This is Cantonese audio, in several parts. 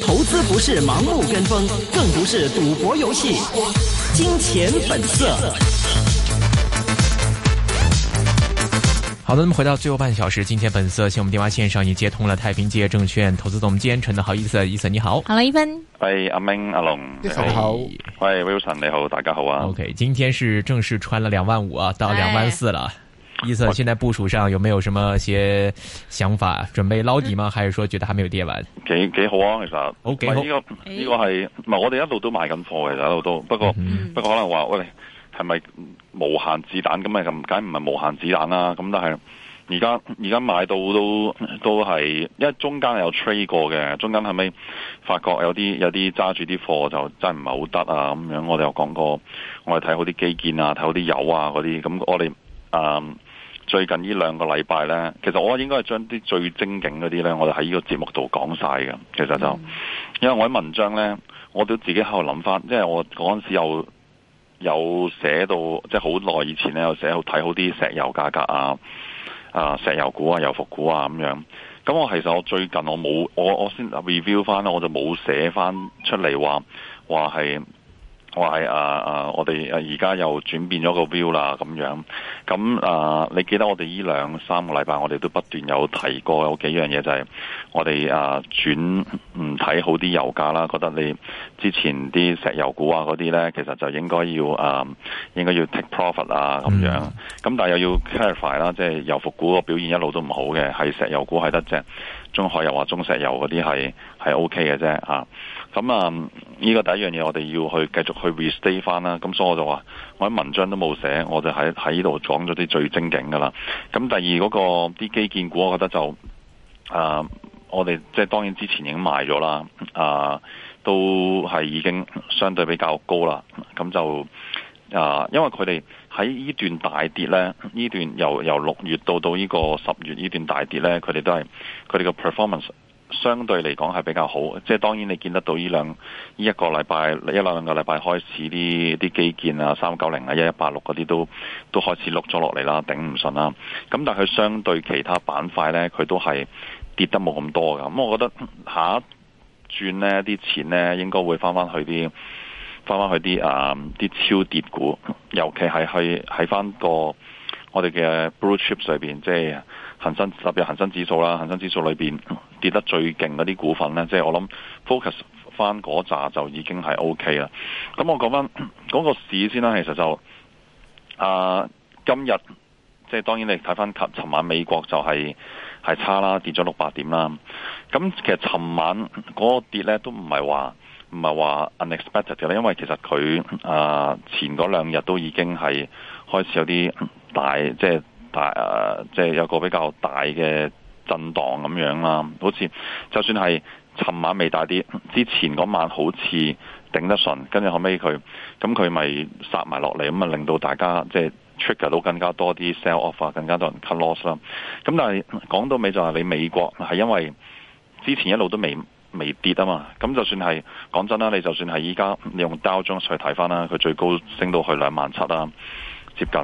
投資不是盲目跟風，更不是賭博遊戲。金錢本色。好的，咁回到最後半小時，金錢本色，先我們電話線上已接通了太平界證券投資總監陳德豪醫生。醫生你好。Hello 好啦，依芬。喂，阿明，阿龍，你好。喂，Wilson，你好，大家好啊。OK，今天是正式穿了兩萬五啊，到兩萬四了。意思，現在部署上有沒有什麼些想法？準備撈底嗎？還是說覺得還沒有跌完？幾幾好啊，其實。OK，呢、哦啊這個呢、這個係，唔係我哋一路都賣緊貨嘅，一路都，不過、嗯、哼不過可能話喂，係、哎、咪無限子彈咁咪咁？梗唔係無限子彈啦、啊。咁但係而家而家買到都都係，因為中間有 trade 過嘅，中間係咪發覺有啲有啲揸住啲貨就真係唔係好得啊咁樣。我哋有講過，我哋睇好啲基建啊，睇好啲油啊嗰啲。咁我哋誒。嗯嗯最近呢兩個禮拜呢，其實我應該係將啲最精景嗰啲呢，我就喺呢個節目度講晒嘅。其實就因為我喺文章呢，我都自己喺度諗翻，即係我嗰陣時有有寫到，即係好耐以前呢，有寫好睇好啲石油價格啊啊，石油股啊、油服股啊咁樣。咁我其實我最近我冇我我先 review 翻呢，我就冇寫翻出嚟話話係。我係啊啊！我哋啊而家又轉變咗個 view 啦，咁樣咁啊！你記得我哋呢兩三個禮拜，我哋都不斷有提過有幾樣嘢，就係、是、我哋啊轉唔睇好啲油價啦。覺得你之前啲石油股啊嗰啲呢，其實就應該要啊，應該要 take profit 啊咁樣。咁、嗯、但係又要 clarify 啦，即係油服股個表現一路都唔好嘅，係石油股係得啫。中海油或中石油嗰啲係係 OK 嘅啫啊。咁啊，呢個第一樣嘢我哋要去繼續去 restate 翻啦。咁、嗯、所以我就話，我喺文章都冇寫，我就喺喺呢度講咗啲最精警嘅啦。咁、嗯、第二嗰、那個啲基建股，我覺得就啊，我哋即係當然之前已經賣咗啦，啊，都係已經相對比較高啦。咁、嗯、就啊，因為佢哋喺呢段大跌咧，呢段由由六月到到呢個十月呢段大跌咧，佢哋都係佢哋嘅 performance。相對嚟講係比較好，即係當然你見得到呢兩呢一個禮拜、一兩個禮拜開始啲啲基建啊、三九零啊、一一八六嗰啲都都開始碌咗落嚟啦，頂唔順啦。咁但係佢相對其他板塊呢，佢都係跌得冇咁多噶。咁我覺得下一轉呢啲錢呢，應該會翻翻去啲翻翻去啲啊啲超跌股，尤其係去喺翻個我哋嘅 blue chips 裏邊，即係恒生特別係恒生指數啦、恒生指數裏邊。跌得最勁嗰啲股份呢，即係我諗 focus 翻嗰扎就已經係 OK 啦。咁我講翻嗰個市先啦，其實就啊今日即係當然你睇翻尋晚美國就係係差啦，跌咗六百點啦。咁其實尋晚嗰個跌呢都唔係話唔係話 unexpected 嘅啦，因為其實佢啊前嗰兩日都已經係開始有啲大即係大啊，即係有個比較大嘅。震盪咁樣啦，好似就算係尋晚未大跌，之前嗰晚好似頂得順，跟住後尾佢咁佢咪殺埋落嚟，咁啊令到大家即係 trigger 到更加多啲 sell off 啊，更加多人 cut loss 啦。咁但係講到尾就係你美國係因為之前一路都未未跌啊嘛，咁就算係講真啦，你就算係依家用 Dow Jones 去睇翻啦，佢最高升到去兩萬七啦，接近。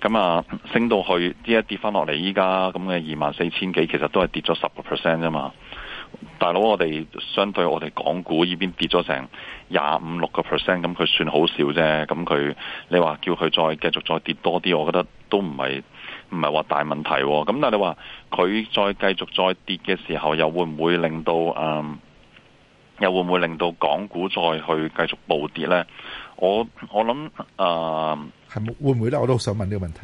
咁啊，升到去，依一跌翻落嚟，依家咁嘅二萬四千幾，其實都係跌咗十個 percent 啫嘛。大佬，我哋相對我哋港股依邊跌咗成廿五六個 percent，咁佢算好少啫。咁佢，你話叫佢再，再、哦、再繼續再跌多啲，我覺得都唔係唔係話大問題。咁但係你話佢再繼續再跌嘅時候，又會唔會令到嗯、呃，又會唔會令到港股再去繼續暴跌咧？我我諗啊。呃係會唔會咧？我都想問呢個問題。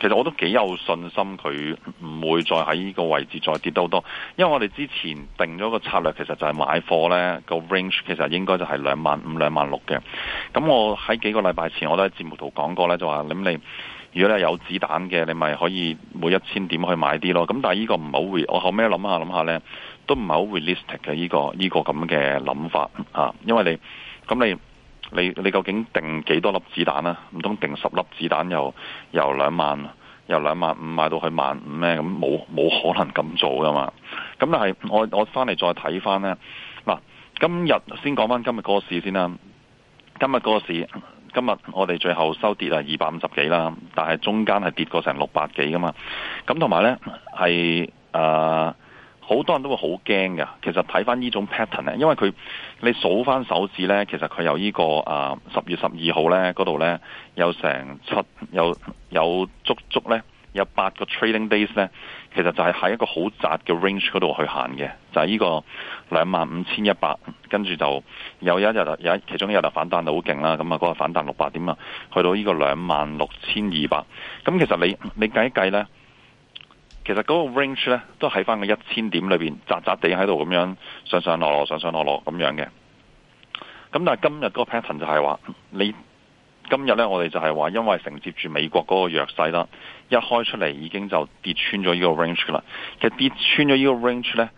其實我都幾有信心，佢唔會再喺呢個位置再跌到多。因為我哋之前定咗個策略，其實就係買貨呢個 range，其實應該就係兩萬五、兩萬六嘅。咁我喺幾個禮拜前我都喺節目度講過呢，就話咁你如果你有子彈嘅，你咪可以每一千點去買啲咯。咁但係呢個唔係好 r 我後尾諗下諗下呢，都唔係好 realistic 嘅呢、這個呢、這個咁嘅諗法啊，因為你咁你。你你究竟定幾多粒子彈咧？唔通定十粒子彈由由兩萬由兩萬五買到去萬五咩？咁冇冇可能咁做噶嘛？咁但係我我翻嚟再睇翻呢。嗱、啊，今日先講翻今日個市先啦。今日個市，今日我哋最後收跌啊二百五十幾啦，但係中間係跌過成六百幾噶嘛。咁同埋呢係啊。好多人都會好驚嘅，其實睇翻呢種 pattern 咧，因為佢你數翻手指呢，其實佢由、這個呃、呢個啊十月十二號呢嗰度呢，有成七有有足足呢，有八個 trading days 呢，其實就係喺一個好窄嘅 range 嗰度去行嘅，就係、是、呢個兩萬五千一百，跟住就有一日有一其中一日就反彈到好勁啦，咁啊嗰日反彈六百點啊，去到呢個兩萬六千二百，咁其實你你計一計呢。其實嗰個 range 咧都喺返個一千點裏邊，窄窄地喺度咁樣上上落落、上上落落咁樣嘅。咁但係今日嗰個 pattern 就係話，你今日咧我哋就係話，因為承接住美國嗰個弱勢啦，一開出嚟已經就跌穿咗呢個 range 嘅啦。其實跌穿咗呢個 range 咧。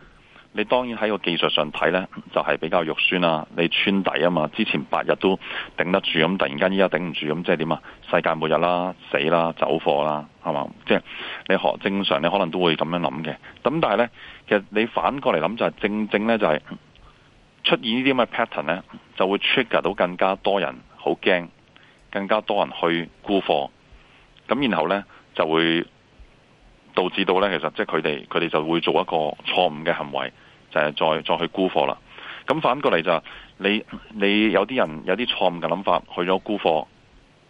你當然喺個技術上睇呢，就係、是、比較肉酸啊！你穿底啊嘛，之前八日都頂得住，咁突然間依家頂唔住，咁即係點啊？世界末日啦，死啦，走貨啦，係嘛？即係你學正常，你可能都會咁樣諗嘅。咁但係呢，其實你反過嚟諗就係、是、正正呢、就是，就係出現呢啲咁嘅 pattern 呢，就會 trigger 到更加多人好驚，更加多人去沽貨，咁然後呢，就會導致到呢，其實即係佢哋佢哋就會做一個錯誤嘅行為。就再再去沽貨啦，咁反過嚟就是、你你有啲人有啲錯誤嘅諗法去咗沽貨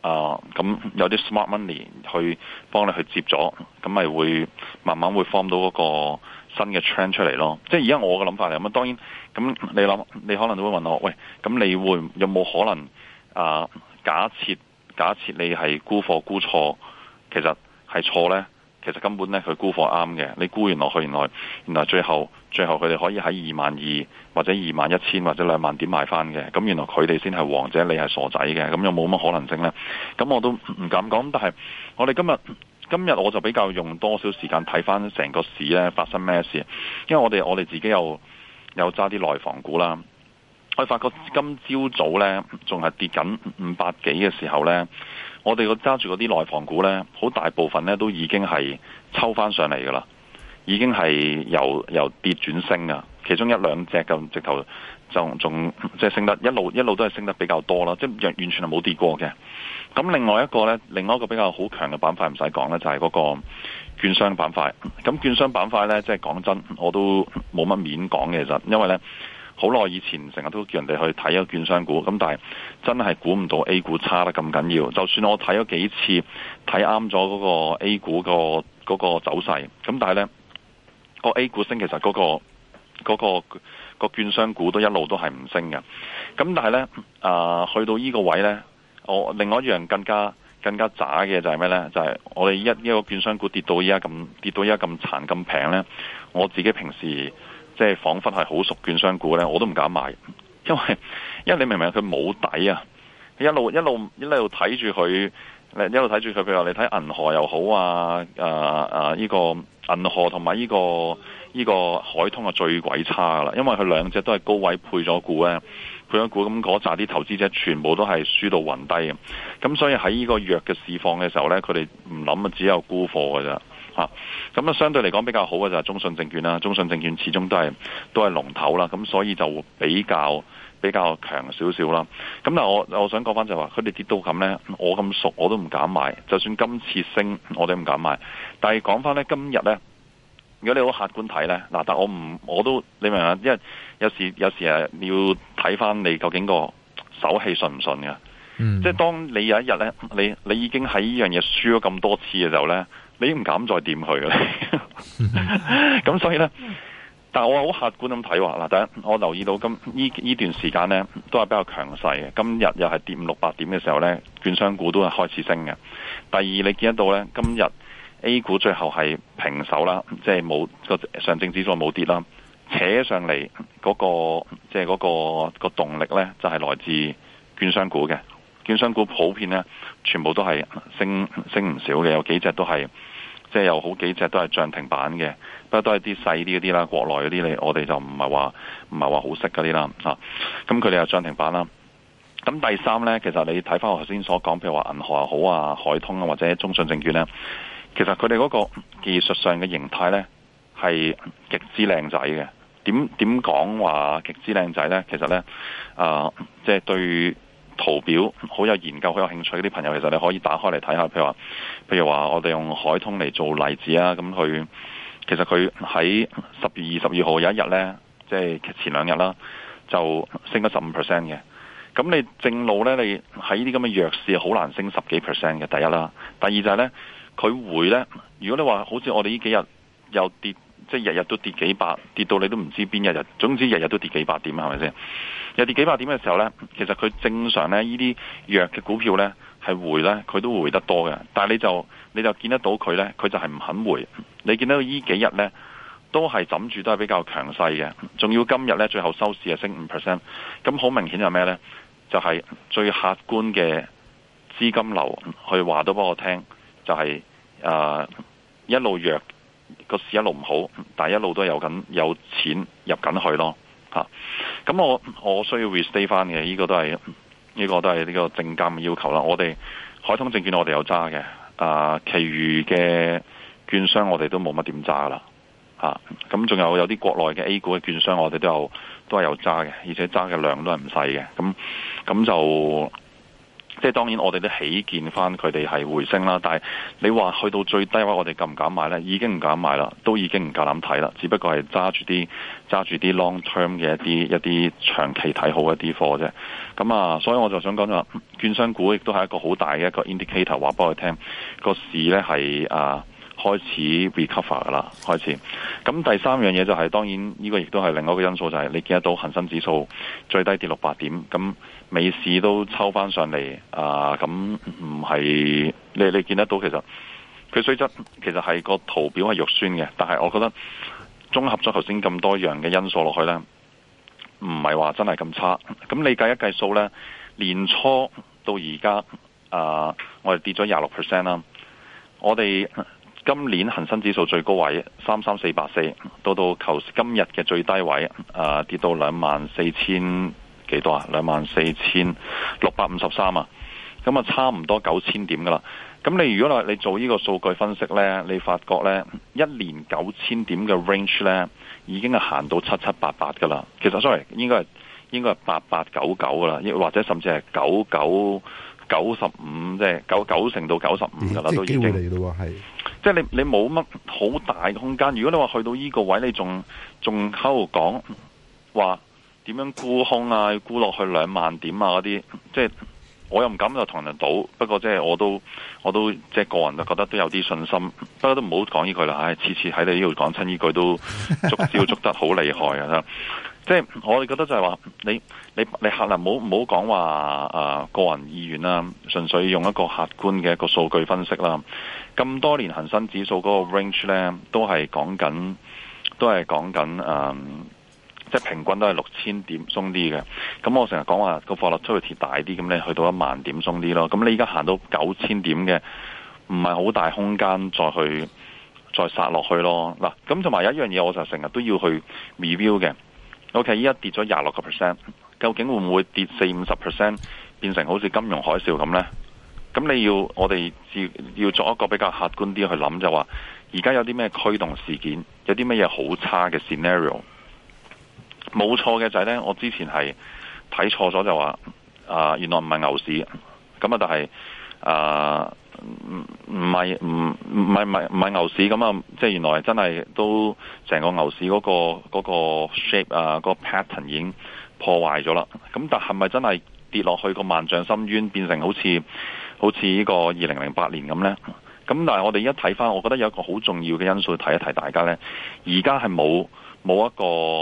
啊，咁、呃、有啲 smart money 去幫你去接咗，咁咪會慢慢會 form 到嗰個新嘅 trend 出嚟咯。即係而家我嘅諗法嚟，咁當然咁你諗，你可能都會問我，喂，咁你會有冇可能啊、呃？假設假設你係沽貨沽錯，其實係錯呢？其實根本咧，佢估貨啱嘅，你估完落去，原來原來最後最後佢哋可以喺二萬二或者二萬一千或者兩萬點買翻嘅，咁原來佢哋先係王者，你係傻仔嘅，咁又冇乜可能性呢？咁我都唔敢講，但係我哋今日今日我就比較用多少時間睇翻成個市咧發生咩事，因為我哋我哋自己又有揸啲內房股啦。我發覺今朝早，早呢，仲係跌緊五百幾嘅時候呢，我哋揸住嗰啲內房股呢，好大部分呢都已經係抽翻上嚟噶啦，已經係由由跌轉升啊！其中一兩隻咁直頭就仲即係升得一路一路都係升得比較多啦，即係完全係冇跌過嘅。咁另外一個呢，另外一個比較好強嘅板塊唔使講呢，就係嗰個券商板塊。咁券商板塊呢，即係講真，我都冇乜面講嘅，其實，因為呢。好耐以前成日都叫人哋去睇個券商股，咁但係真係估唔到 A 股差得咁緊要。就算我睇咗幾次，睇啱咗嗰個 A 股個嗰、嗰個走勢，咁但係咧、嗰個 A 股升，其實嗰、嗰個嗰、嗰個、嗰個嗰個券商股都一路都係唔升嘅。咁但係咧啊，去到呢個位咧，我另外一樣更加更加渣嘅就係咩咧？就係、是、我哋一一、呢個券商股跌到依家咁跌到依家咁殘咁平咧，我自己平時。即係彷彿係好熟券商股呢，我都唔敢買，因為因為你明唔明佢冇底啊！一路一路一路睇住佢，一路睇住佢。譬如話你睇銀河又好啊，誒誒依個銀河同埋呢個呢個海通啊，最鬼差㗎喇！因為佢兩隻都係高位配咗股咧，配咗股咁嗰紮啲投資者全部都係輸到暈低嘅。咁所以喺呢個弱嘅市況嘅時候呢，佢哋唔諗啊，只有沽貨㗎咋。嚇咁啊，相對嚟講比較好嘅就係中信證券啦。中信證券始終都係都係龍頭啦，咁、啊、所以就比較比較強少少啦。咁、啊、但係我我想講翻就係、係、話，佢哋跌到咁呢，我咁熟我都唔敢買。就算今次升，我都唔敢買。但係講翻呢，今日呢，如果你好客觀睇呢，嗱、啊，但我唔我都你明啊，因為有時有時係要睇翻你究竟個手氣順唔順嘅。嗯，即係當你有一日呢，你你已經喺呢樣嘢輸咗咁多次嘅時候呢。已經唔敢再掂佢啦，咁、 嗯、所以呢，但係我好客觀咁睇話啦，第一我留意到今呢呢段時間呢都係比較強勢嘅。今日又係跌五六百點嘅時候呢，券商股都係開始升嘅。第二，你見得到呢，今日 A 股最後係平手啦，即係冇個上證指數冇跌啦，扯上嚟，嗰、嗰個即係嗰、嗰個、嗰個嗰個動力呢，就係、係、來自券商股嘅。券商股普遍呢，全部都係升升唔少嘅，有幾隻都係。即係有好幾隻都係漲停板嘅，不過都係啲細啲嗰啲啦，國內嗰啲你我哋就唔係話唔係話好識嗰啲啦，啊，咁佢哋又漲停板啦。咁第三呢，其實你睇翻我頭先所講，譬如話銀行又好啊，海通啊，或者中信證券呢，其實佢哋嗰個技術上嘅形態呢，係極之靚仔嘅。點點講話極之靚仔呢？其實呢，啊、呃，即係對。圖表好有研究、好有興趣啲朋友，其實你可以打開嚟睇下，譬如話，譬如話，我哋用海通嚟做例子啊，咁佢其實佢喺十月二十二號有一日呢，即係前兩日啦，就升咗十五 percent 嘅。咁你正路呢，你喺呢啲咁嘅弱市，好難升十幾 percent 嘅。第一啦，第二就係呢，佢會呢，如果你話好似我哋呢幾日又跌。即係日日都跌幾百，跌到你都唔知邊一日。總之日日都跌幾百點，係咪先？又跌幾百點嘅時候呢，其實佢正常呢，呢啲弱嘅股票呢係回呢，佢都會回得多嘅。但係你就你就見得到佢呢，佢就係唔肯回。你見到呢幾日呢，都係枕住都係比較強勢嘅，仲要今日呢，最後收市係升五 percent。咁好明顯就係咩呢？就係最客觀嘅資金流，佢話都俾我聽，就係誒一路弱。個市一路唔好，但係一路都有緊有錢入緊去咯。吓、啊，咁我我需要 restate 翻嘅呢個都係呢、呢個都係呢個證監嘅要求啦。我哋海通證券我哋有揸嘅，啊，其餘嘅券商我哋都冇乜點揸啦。吓、啊，咁仲有有啲國內嘅 A 股嘅券商我哋都有，都係有揸嘅，而且揸嘅量都係唔細嘅。咁、啊、咁就。即係當然，我哋都起見翻佢哋係回升啦。但係你話去到最低位，我哋敢唔敢買呢？已經唔敢買啦，都已經唔夠膽睇啦。只不過係揸住啲揸住啲 long term 嘅一啲一啲長期睇好一啲貨啫。咁啊，所以我就想講就，券商股亦都係一個好大嘅一個 indicator，話俾我聽個市呢係啊。開始 recover 噶啦，開始。咁第三樣嘢就係、是，當然呢個亦都係另外一個因素、就是，就係你見得到恒生指數最低跌六百點，咁美市都抽翻上嚟啊！咁唔係你你見得到其實佢雖則其實係個圖表係肉酸嘅，但係我覺得綜合咗頭先咁多樣嘅因素落去呢，唔係話真係咁差。咁你計一計數呢，年初到而家我哋跌咗廿六 percent 啦，我哋。今年恒生指數最高位三三四八四，到到求今日嘅最低位，啊、呃、跌到兩萬四千幾多24，啊，兩萬四千六百五十三啊，咁啊差唔多九千點噶啦。咁、嗯、你如果你做呢個數據分析呢，你發覺呢一年九千點嘅 range 呢已經係行到七七八八噶啦。其實 sorry，應該係應該係八八九九噶啦，或者甚至係九九。九十五即係九九成到九十五噶啦，都已經係，即係是你你冇乜好大嘅空間。如果你話去到呢個位，你仲仲喺度講話點樣沽空啊？沽落去兩萬點啊嗰啲，即係我又唔敢就同人賭。不過即係我都我都即係個人都覺得都有啲信心。不過都唔好講呢句啦，唉、哎，次次喺你呢度講親呢句都捉蕉捉得好厲害啊！ 即係我哋覺得就係話，你你你客難，唔好唔好講話誒，個人意願啦，純粹用一個客觀嘅一個數據分析啦。咁多年恒生指數嗰個 range 咧，都係講緊都係講緊誒，即係平均都係六千點鬆啲嘅。咁、嗯、我成日講話個貨率 quality 大啲，咁你去到一萬點鬆啲咯。咁、嗯、你而家行到九千點嘅，唔係好大空間再去再殺落去咯。嗱、嗯，咁就埋有一樣嘢，我就成日都要去 review 嘅。OK，依家跌咗廿六個 percent，究竟會唔會跌四五十 percent，變成好似金融海嘯咁呢？咁你要我哋要作一個比較客觀啲去諗，就話而家有啲咩驅動事件，有啲乜嘢好差嘅 scenario？冇錯嘅就係呢，我之前係睇錯咗，就話啊，原來唔係牛市，咁啊，但係啊。唔唔係唔唔係唔係牛市咁啊，即係原來真係都成個牛市嗰個嗰個 shape 啊，個 pattern 已經破壞咗啦。咁但係咪真係跌落去個萬丈深淵，變成好似好似呢個二零零八年咁呢？咁但係我哋而家睇返，我覺得有一個好重要嘅因素，睇一睇大家呢。而家係冇冇一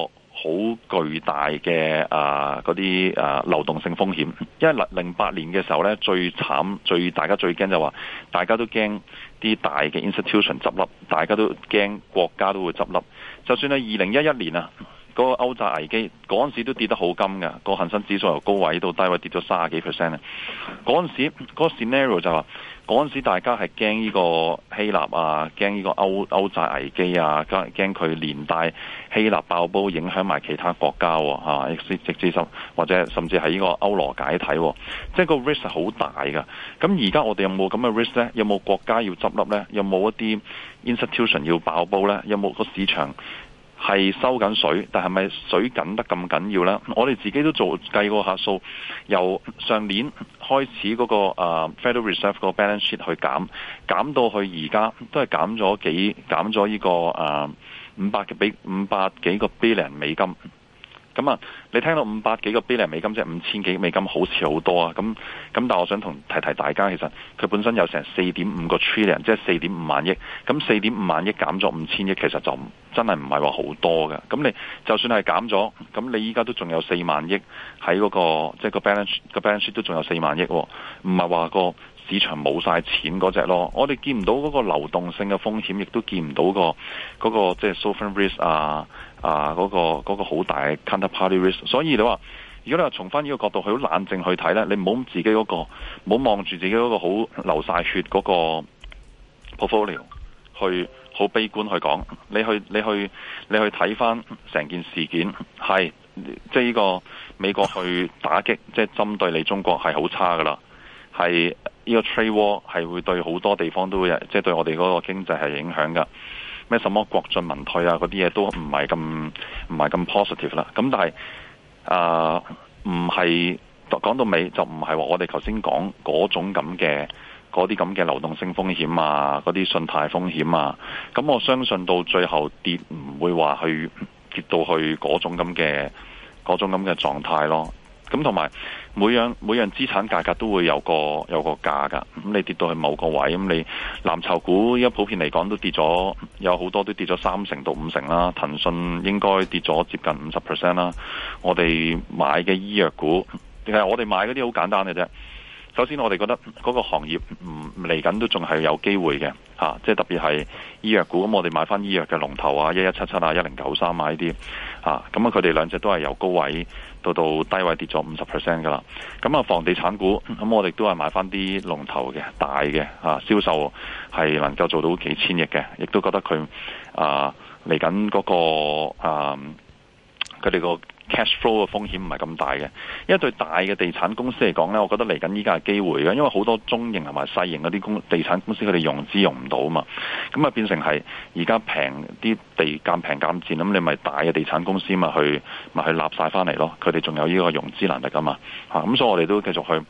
個。好巨大嘅啊，嗰啲啊流動性風險，因為零八年嘅時候呢，最慘最大家最驚就話，大家都驚啲大嘅 institution 執笠，大家都驚國家都會執笠。就算喺二零一一年啊，嗰個歐債危機嗰陣時都跌得好甘㗎，個恒生指數由高位到低位跌咗三十幾 percent 咧，嗰陣時嗰陣時 scenario 就話。嗰陣時，大家係驚呢個希臘啊，驚呢個歐歐債危機啊，驚佢連帶希臘爆煲，影響埋其他國家啊，資直資深或者甚至係呢個歐羅解體，啊，即係個 risk 好大㗎。咁而家我哋有冇咁嘅 risk 咧？有冇國家要執笠咧？有冇一啲 institution 要爆煲咧？有冇個市場？係收緊水，但係咪水緊得咁緊要呢？我哋自己都做計過下數，由上年開始嗰、那個誒、uh, Federal Reserve 個 balance sheet 去減，減到去而家都係減咗幾減咗呢、這個誒五百幾，五百幾個 billion 美金。咁啊，你聽到五百幾個 Billion 美金即係五千幾億美金，好似好多啊！咁咁，但係我想同提提大家，其實佢本身有成四點五個 Trillion，即係四點五萬億。咁四點五萬億減咗五千億，其實就真係唔係話好多嘅。咁你就算係減咗，咁你依家都仲有四萬億喺嗰個，即係個 Balance，個 Balance Sheet 都仲有四萬億喎，唔係話個，就是市場冇晒錢嗰隻咯，我哋見唔到嗰個流動性嘅風險，亦都見唔到、嗰個嗰、嗰個即係 sovereign risk 啊啊嗰、嗰個好、嗰個、大 counterparty risk。所以你話，如果你話從翻呢個角度去好冷靜去睇呢，你唔好自己嗰、嗰個，唔好望住自己嗰個好流晒血嗰個 portfolio 去好悲觀去講。你去你去你去睇翻成件事件，係即係呢個美國去打擊，即係針對你中國係好差㗎喇。係呢個 trade war 係會對好多地方都會，即係對我哋嗰個經濟係影響噶咩什麼國進民退啊，嗰啲嘢都唔係咁唔係咁 positive 啦。咁但係啊，呃、唔係講到尾就唔係話我哋頭先講嗰種咁嘅嗰啲咁嘅流動性風險啊，嗰啲信貸風險啊。咁我相信到最後跌唔會話去跌到去嗰種咁嘅嗰種咁嘅狀態咯。咁同埋每樣每樣資產價格都會有個有個價噶，咁你跌到去某個位咁，你藍籌股而家普遍嚟講都跌咗，有好多都跌咗三成到五成啦。騰訊應該跌咗接近五十 percent 啦。我哋買嘅醫藥股，定係我哋買嗰啲好簡單嘅啫。首先我哋覺得嗰個行業唔嚟緊都仲係有機會嘅嚇、啊，即係特別係醫藥股，咁我哋買翻醫藥嘅龍頭啊，一一七七啊，一零九三啊，呢啲嚇，咁啊佢哋兩隻都係由高位到到低位跌咗五十 percent 㗎啦。咁啊房地產股，咁我哋都係買翻啲龍頭嘅大嘅嚇、啊，銷售係能夠做到幾千億嘅，亦都覺得佢啊嚟緊嗰個啊佢哋個。啊 Cash flow 嘅風險唔係咁大嘅，因為對大嘅地產公司嚟講呢，我覺得嚟緊依家係機會嘅，因為好多中型同埋細型嗰啲公地產公司佢哋融資融唔到啊嘛，咁啊變成係而家平啲地減平減佔，咁你咪大嘅地產公司咪去咪去納曬翻嚟咯，佢哋仲有呢個融資能力㗎嘛嚇，咁、啊、所以我哋都繼續去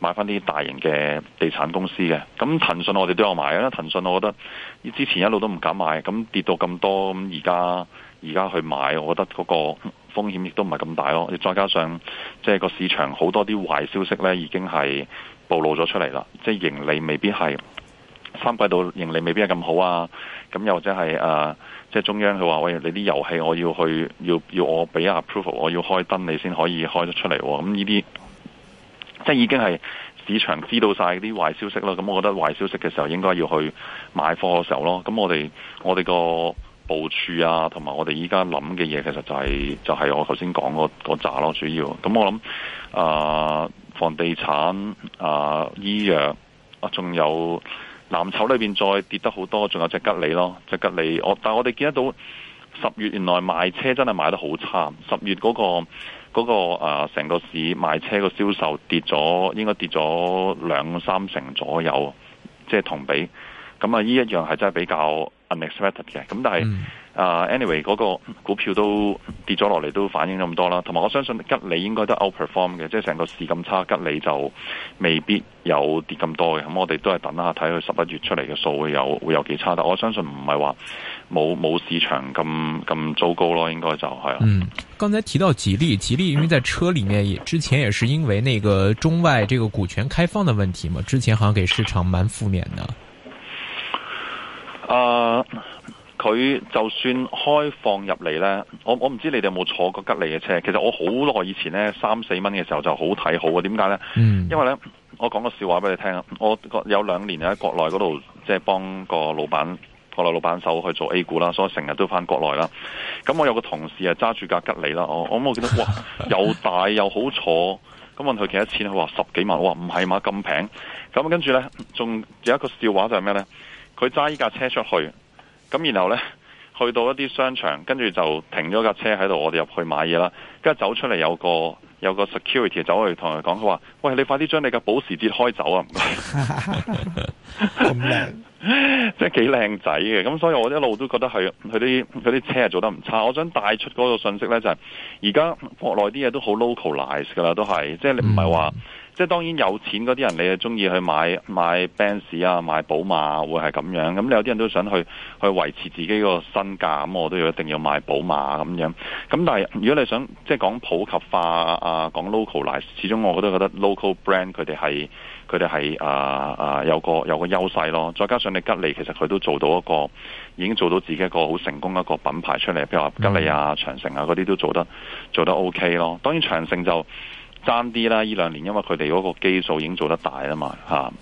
買翻啲大型嘅地產公司嘅，咁騰訊我哋都有買啦，因為騰訊我覺得之前一路都唔敢買，咁跌到咁多咁而家。嗯而家去買，我覺得嗰個風險亦都唔係咁大咯。再加上即係個市場好多啲壞消息呢，已經係暴露咗出嚟啦。即係盈利未必係三季度盈利未必係咁好啊。咁又或者係誒，即係中央佢話：喂，你啲遊戲我要去，要要我俾 approval，我要開燈，你先可以開得出嚟。咁呢啲即係已經係市場知道晒啲壞消息啦。咁我覺得壞消息嘅時候應該要去買貨嘅時候咯。咁我哋我哋個。部署啊，同埋我哋依家諗嘅嘢，其實就係就係我頭先講嗰嗰扎咯，主要。咁我諗啊，房地產啊，醫藥啊，仲有藍籌裏邊再跌得好多，仲有隻吉利咯，隻吉利。啊、但我但係我哋見得到十月原來賣車真係賣得好差，十月嗰個嗰個啊，成個市賣車個銷售跌咗，應該跌咗兩三成左右，即係同比。咁啊，呢一樣係真係比較。unexpected 嘅，咁但係啊、嗯 uh,，anyway 嗰個股票都跌咗落嚟，都反映咗咁多啦。同埋我相信吉利應該都 outperform 嘅，即係成個市咁差，吉利就未必有跌咁多嘅。咁我哋都係等下睇佢十一月出嚟嘅數會有會有幾差，但我相信唔係話冇冇市場咁咁糟糕咯，應該就係啦。嗯，剛才提到吉利，吉利因為在車裡面，之前也是因為那個中外這個股權開放嘅問題嘛，之前好像給市場蠻負面的。誒，佢、uh, 就算開放入嚟呢，我我唔知你哋有冇坐過吉利嘅車。其實我好耐以前呢，三四蚊嘅時候就好睇好啊。點解呢？Mm. 因為呢，我講個笑話俾你聽。我有兩年喺國內嗰度，即係幫個老闆國內老闆手去做 A 股啦，所以成日都翻國內啦。咁、嗯、我有個同事啊，揸住架吉利啦，我我冇見到，哇，又大又好坐。咁問佢幾多錢，佢話十幾萬。我話唔係嘛，咁平。咁、嗯、跟住呢，仲有一個笑話就係咩呢？佢揸依架車出去，咁然後呢，去到一啲商場，跟住就停咗架車喺度，我哋入去買嘢啦。跟住走出嚟有個有個 security 走去同佢講，佢話，喂，你快啲將你嘅保時捷開走啊！唔該，即係幾靚仔嘅。咁所以我一路都覺得係佢啲佢啲車係做得唔差。我想帶出嗰個信息呢，就係而家國內啲嘢都好 localize 噶啦，都係即係你唔係話。嗯即係當然有錢嗰啲人，你係中意去買買 Benz 啊，買寶馬，會係咁樣。咁你有啲人都想去去維持自己個身價，咁我都要一定要買寶馬咁樣。咁但係如果你想即係講普及化啊，講 local 嚟，始終我都覺得 local brand 佢哋係佢哋係啊啊有個有個優勢咯。再加上你吉利其實佢都做到一個已經做到自己一個好成功一個品牌出嚟，譬如話吉利啊、長城啊嗰啲都做得做得 OK 咯。當然長城就。三啲啦，呢兩年因為佢哋嗰個基數已經做得大啦嘛，嚇、啊。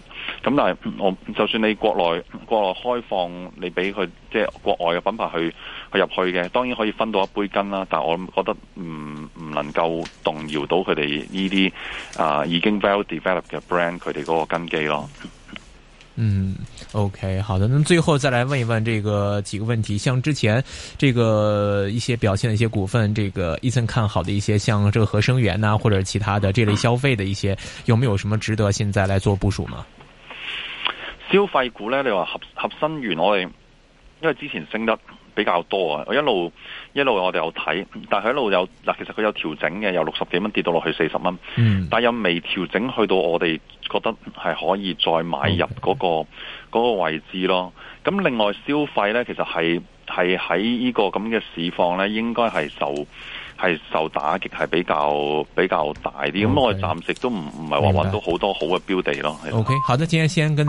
咁但係我就算你國內國內開放，你俾佢即係國外嘅品牌去去入去嘅，當然可以分到一杯羹啦。但係我覺得唔唔能夠動搖到佢哋呢啲啊已經 well developed 嘅 brand 佢哋嗰個根基咯。嗯。OK，好的，那最後再來問一問這個幾個問題，像之前這個一些表現的一些股份，這個伊森看好的一些，像這個合生元呐、啊，或者其他的這類消費的一些，有沒有什麼值得現在來做部署嗎？消費股呢，你話合合生元我哋，因為之前升得，比較多啊！我一路一路我哋有睇，但係一路有嗱，其實佢有調整嘅，由六十幾蚊跌到落去四十蚊。嗯、但又未調整去到我哋覺得係可以再買入嗰、嗰個 Okay. 個位置咯。咁另外消費呢，其實係係喺呢個咁嘅市況呢，應該係受係受打擊係比較比較大啲。咁 Okay. 我哋暫時都唔唔係話揾到好多好嘅標地咯。O、okay. K，、okay. 好的，今日先跟。